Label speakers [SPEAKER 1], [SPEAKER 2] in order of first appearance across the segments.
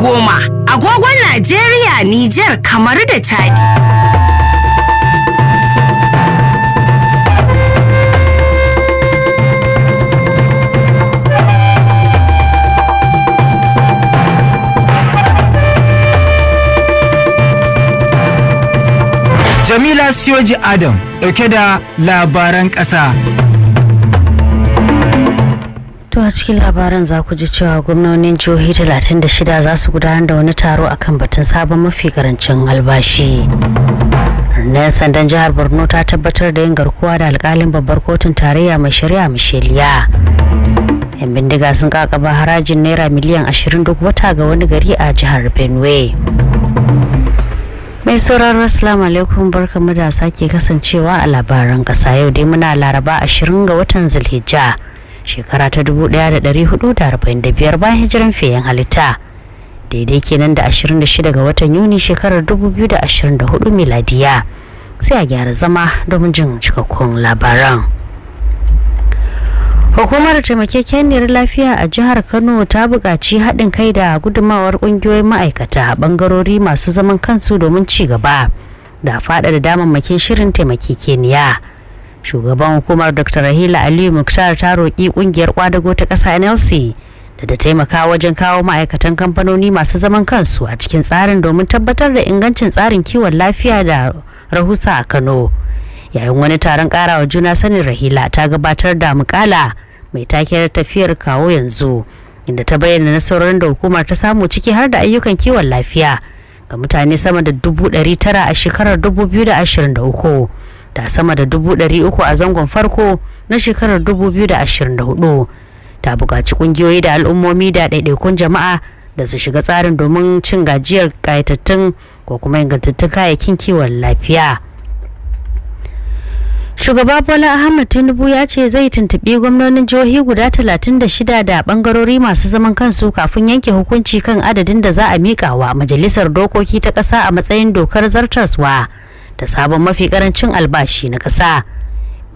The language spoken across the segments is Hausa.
[SPEAKER 1] goma agogon Najeriya, Nijar, kamar da Chadi. Jamila Siyoji Adam ɗauke da labaran ƙasa. To a cikin labaran za ku ji cewa gwamnonin jihohi 36 za su gudanar da wani taro a kan batun sabon mafi karancin albashi. Rundunar sandan jihar Borno ta tabbatar da yin garkuwa da alkalin babbar kotun tarayya mai shari'a Misheliya. Yan bindiga sun kakaba harajin naira miliyan 20 duk wata ga wani gari a jihar Benue. mai sauraro assalamu alaikum barkamu da sake kasancewa a labaran kasa yau dai muna laraba 20 ga watan zulhijja shekara ta dubu da da da biyar bayan hijiran feyen halitta daidai kenan da 26 ga watan yuni shekarar da 2024 miladiya sai a gyara zama domin jin cikakkun labaran hukumar taimakekeniyar lafiya a jihar kano ta buƙaci haɗin kai da gudumawar ƙungiyoyin ma'aikata a ɓangarori masu zaman kansu domin ci gaba da faɗaɗa damammakin shirin taimakekeniya. shugaban hukumar dr rahila aliyu muktar ta roƙi ƙungiyar kwadago ta ƙasa nlc da ta taimaka wajen kawo ma'aikatan kamfanoni masu zaman kansu a cikin tsarin domin tabbatar da ingancin tsarin kiwon lafiya da rahusa a kano yayin wani taron karawa juna sanin rahila ta gabatar da mukala mai taken tafiyar kawo yanzu inda ta bayyana nasarorin da hukumar ta samu ciki har da ayyukan kiwon lafiya ga mutane sama da dubu ɗari tara a shekarar uku. da sama da dubu ɗari uku a zangon farko na shekarar dubu biyu da da ashirin hudu ta buƙaci ƙungiyoyi da al'ummomi da ɗaiɗaikun jama'a da su shiga tsarin domin cin gajiyar ƙayatattun ko kuma ingantattun kayayyakin kiwon lafiya shugaba bola ahmad tinubu ya ce zai tuntuɓi gwamnonin jihohi guda 36 da bangarori masu zaman kansu kafin yanke hukunci kan adadin da za a miƙa wa majalisar dokoki ta ƙasa a matsayin dokar zartaswa. da sabon mafi karancin albashi na ƙasa.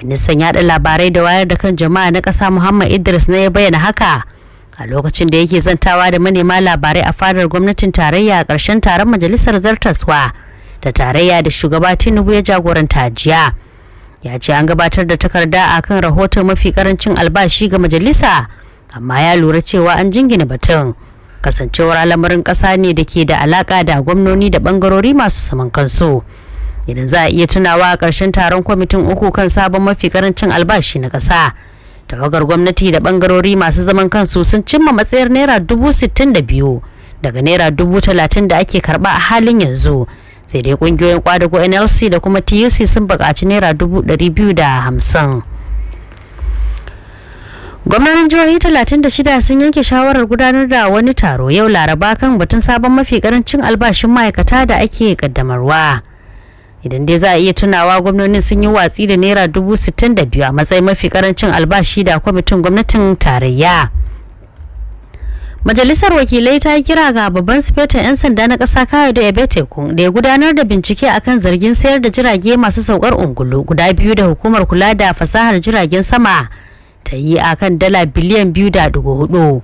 [SPEAKER 1] Ministan yaɗa labarai da wayar da kan jama'a na ƙasa Muhammad Idris na ya bayyana haka a lokacin da yake zantawa da manema labarai a fadar gwamnatin tarayya a ƙarshen taron majalisar zartaswa da tarayya da shugaba Tinubu ya jagoranta jiya. Ya ce an gabatar da takarda a kan rahoton mafi karancin albashi ga majalisa amma ya lura cewa an jingina batun. kasancewar lamarin ƙasa ne da ke da alaƙa da gwamnoni da ɓangarori masu saman kansu idan za a iya tunawa a ƙarshen taron kwamitin uku kan sabon mafi karancin albashi na ƙasa tawagar gwamnati da bangarori masu zaman kansu sun cimma matsayar naira dubu sittin da biyu daga naira dubu talatin da ake karba a halin yanzu sai dai ƙungiyoyin kwadago nlc da kuma tuc sun buƙaci naira dubu ɗari biyu da hamsin gwamnonin jihohi 36 sun yanke shawarar gudanar da wani taro yau laraba kan batun sabon mafi karancin albashin ma'aikata da ake kaddamarwa. idan dai za a iya tunawa gwamnonin sun yi watsi da naira dubu sittin da biyu a matsayin mafi karancin albashi da kwamitin gwamnatin tarayya majalisar wakilai ta yi kira ga babban sifeta 'yan sanda na ƙasa kayo da ebetekun da ya gudanar da bincike akan zargin sayar da jirage masu saukar ungulu guda biyu da hukumar kula da fasahar jiragen sama ta yi akan dala biliyan biyu da dugu hudu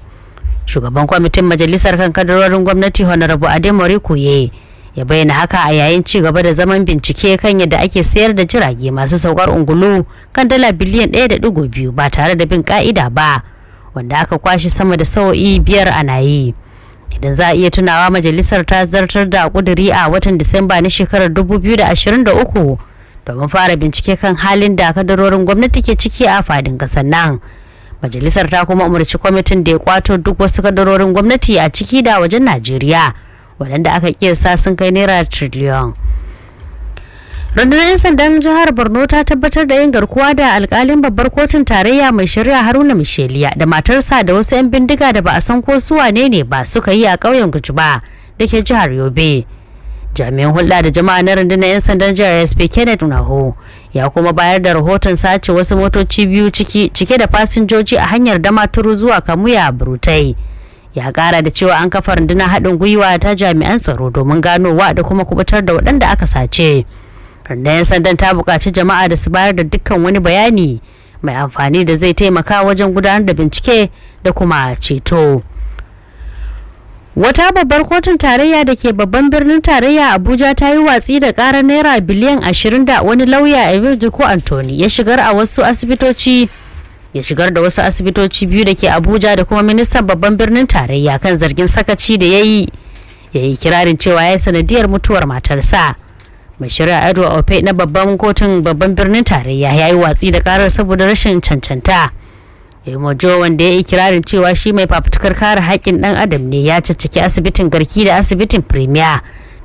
[SPEAKER 1] shugaban kwamitin majalisar kan kadarorin gwamnati honorable ademore kuye ya bayyana haka a yayin ci gaba da zaman bincike kan yadda ake sayar da jirage masu saukar ungulu kan dala biliyan 1.2 ba tare da bin ka'ida ba wanda aka kwashe sama da saui biyar a yi idan za a iya tunawa majalisar ta zartar da kuduri a watan disamba na shekarar 2023 domin fara bincike kan halin da kadarorin gwamnati ke ciki a fadin kasar nan majalisar ta kuma umarci kwamitin da ya kwato duk wasu kadarorin gwamnati a ciki da wajen najeriya waɗanda aka kiyasta sun kai naira triliyon rundunar 'yan sandan jihar borno ta tabbatar da yin garkuwa da alkalin babbar kotun tarayya mai shari'a haruna misheliya da matarsa da wasu 'yan bindiga da ba a san ko su wane ne ba suka yi a ƙauyen gujuba da ke jihar yobe jami'in hulɗa da jama'a na rundunar 'yan sandan jihar sp kenneth naho ya kuma bayar da rahoton sace wasu motoci biyu cike da fasinjoji a hanyar damaturu zuwa kamuya burutai ya kara da cewa an kafa rundunar haɗin gwiwa ta jami'an tsaro domin ganowa da kuma kubutar da waɗanda aka sace rundunar sandan ta buƙaci jama'a da su bayar da dukkan wani bayani mai amfani da zai taimaka wajen gudanar da bincike da kuma ceto wata babbar kotun tarayya da ke babban birnin tarayya abuja ta yi watsi da karar naira biliyan ashirin da wani lauya a ko antoni ya shigar a wasu asibitoci ya shigar da wasu asibitoci biyu da ke abuja da kuma ministan babban birnin tarayya kan zargin sakaci da ya yi ya yi kirarin cewa ya yi sanadiyar mutuwar matarsa mai shirya ado a ofe na babban kotun babban birnin tarayya ya yi watsi da karar saboda rashin cancanta Emojo wanda ya yi kirarin cewa shi mai fafutukar kare haƙƙin ɗan adam ne ya caccaki asibitin garki da asibitin premier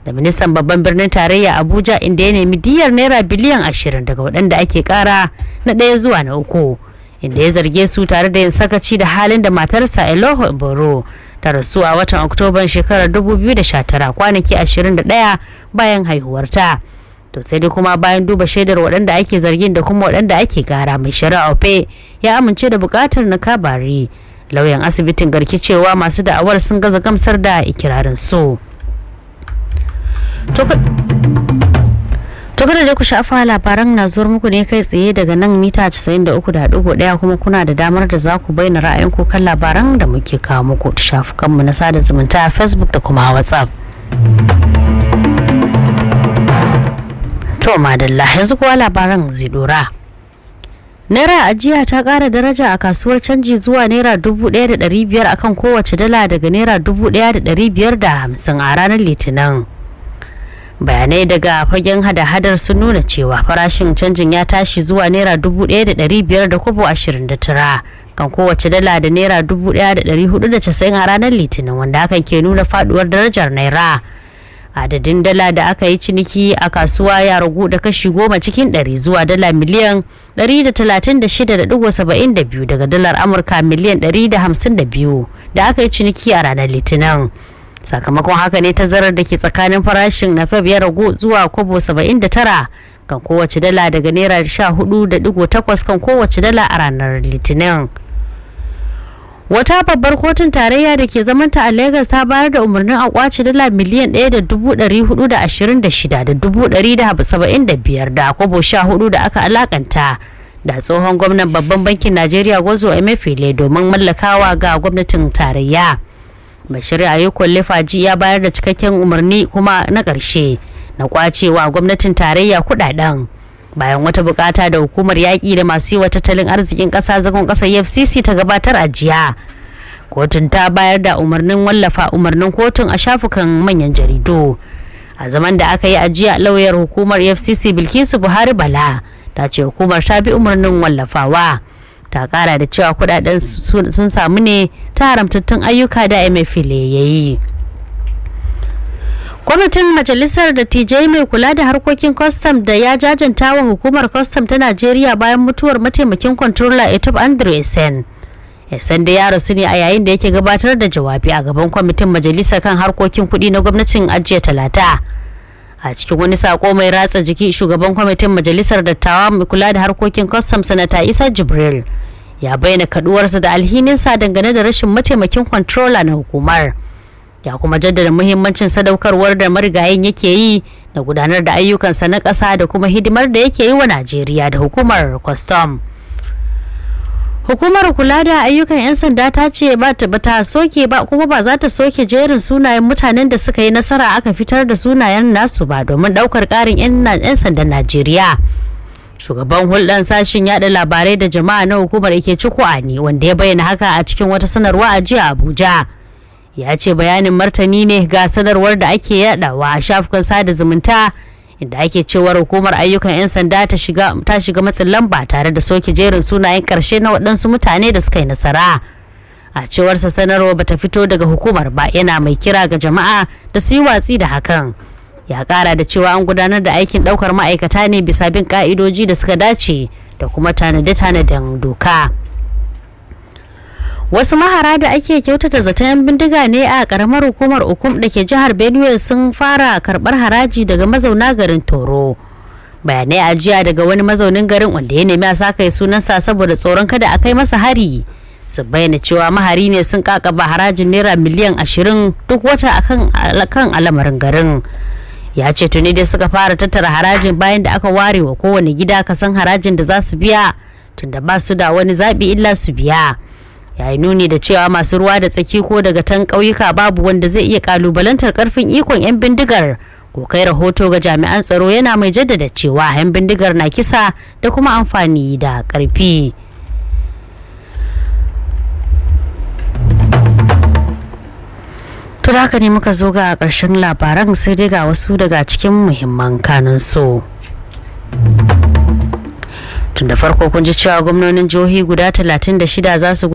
[SPEAKER 1] da ministan babban birnin tarayya abuja inda ya nemi diyar naira biliyan ashirin daga waɗanda ake ƙara na ɗaya zuwa na uku inda ya zarge su tare da yin sakaci da halin da matarsa Eloho Boro ta rasu a watan Oktoban shekarar 2019 kwanaki 21 bayan haihuwarta. To sai dai kuma bayan duba shaidar waɗanda ake zargin da kuma waɗanda ake gara mai shari'a ofe ya amince da buƙatar na kabari. Lauyan asibitin garki cewa masu da'awar sun gaza gamsar da ikirarin su. To da ku shafa labaran na zuwar muku ne kai tsaye daga nan mita 93.1 kuma kuna da damar da za ku bayyana ra'ayinku kan labaran da muke kawo muku shafukanmu na sada zumunta a Facebook da kuma WhatsApp. To madalla yanzu kuwa labaran zai dora. Naira ajiya ta ƙara daraja a kasuwar canji zuwa Naira 1,500 akan kowace dala daga Naira da 1,550 a ranar Litinin. bayanai daga fagen hada-hadar sun nuna cewa farashin canjin ya tashi zuwa naira dubu ɗaya da ɗari biyar da kobo ashirin da tara kan kowace dala da naira dubu ɗaya da ɗari hudu da casa'in a ranar litinin wanda hakan ke nuna faduwar darajar naira adadin dala da aka yi ciniki a kasuwa ya ragu da kashi goma cikin ɗari zuwa dala miliyan ɗari da talatin da shida da ɗigo saba'in da biyu daga dalar amurka miliyan ɗari da hamsin da biyu da aka yi ciniki a ranar litinin sakamakon haka ne tazarar da ke tsakanin farashin na fab ya ragu zuwa kobo 79 kan kowace dala daga naira 14.8 kan kowace dala a ranar litinin wata babbar kotun tarayya da ke zamanta a lagos ta bayar da umarnin a kwace dala miliyan 1,426 da kobo 14 da aka alakanta da tsohon gwamnan babban bankin najeriya gwazo emefiele domin mallakawa ga gwamnatin tarayya mai bashir ayyukan faji ya bayar da cikakken umarni kuma na ƙarshe na kwacewa gwamnatin tarayya kudaden bayan wata bukata da hukumar yaƙi da masu yi wa tattalin arzikin ƙasa zagon ƙasa fcc ta gabatar a jiya kotun ta bayar da umarnin wallafa umarnin kotun a shafukan manyan jaridu a zaman da aka yi a jiya lauyar hukumar fcc bilkisu buhari bala ta ce hukumar ta bi umarnin wallafawa ta kara da cewa kudaden sun samu ne ta haramtattun ayyuka da mfl ya yi kwamitin majalisar dattijai mai kula da harkokin kwastam da ya jajanta wa hukumar kwastam ta najeriya bayan mutuwar mataimakin kwantrola etub andresen yasan da ya rasu ne a yayin da yake gabatar da jawabi a gaban kwamitin majalisar kan harkokin kudi na gwamnatin ajiya talata a cikin wani sako mai ratsa jiki shugaban kwamitin majalisar dattawa mai kula da harkokin kwastam sanata isa jibril ya bayyana kaduwarsa da alhininsa dangane da rashin mataimakin kwantrola na hukumar ya kuma jaddada muhimmancin sadaukarwar da marigayin yake yi na gudanar da ayyukansa na ƙasa da kuma hidimar da yake yi wa najeriya da hukumar kwastam hukumar kula da ayyukan 'yan sanda ta ce ba ta bata soke ba kuma ba za ta soke jerin sunayen mutanen da suka yi nasara aka fitar da sunayen nasu ba domin ɗaukar ƙarin 'yan sandan najeriya shugaban hulɗan sashen yaɗa labarai da jama'a na hukumar ike a ne wanda ya bayyana haka a cikin wata sanarwa a jiya abuja ya ce bayanin martani ne ga sanarwar da ake yadawa a shafukan sada zumunta inda ake cewar hukumar ayyukan 'yan sanda ta shiga matsin lamba tare da soke jerin sunayen karshe na waɗansu mutane da suka yi nasara a cewar sanarwa bata fito daga hukumar ba yana mai kira ga jama'a da su yi watsi da hakan ya kara da cewa an gudanar da aikin daukar ma'aikata ne bisa bin ka'idoji da suka dace da kuma tanade-tanaden doka wasu mahara da ake kyautata zaton bindiga ne a karamar hukumar ukum da ke jihar benue sun fara karbar haraji daga mazauna garin toro bayanai a jiya daga wani mazaunin garin wanda ya nemi a sunansa saboda tsoron kada a kai masa hari su bayyana cewa mahari ne sun kakaba harajin naira miliyan ashirin duk wata akan alamarin garin ya ce tuni dai suka fara tattara harajin bayan da aka ware wa kowane gida kasan harajin da za su biya tunda ba su da wani zaɓi illa su biya ya yi nuni da cewa masu ruwa da tsaki ko daga tan ƙauyuka babu wanda zai iya kalubalantar karfin ikon 'yan bindigar ko kai rahoto ga jami'an tsaro yana mai jaddada cewa 'yan bindigar na kisa da kuma amfani da karfi to da haka ne muka zo ga ƙarshen labaran sai dai ga wasu daga cikin muhimman kanin so. tun da farko kun ji cewa gwamnonin jihohi guda 36 za su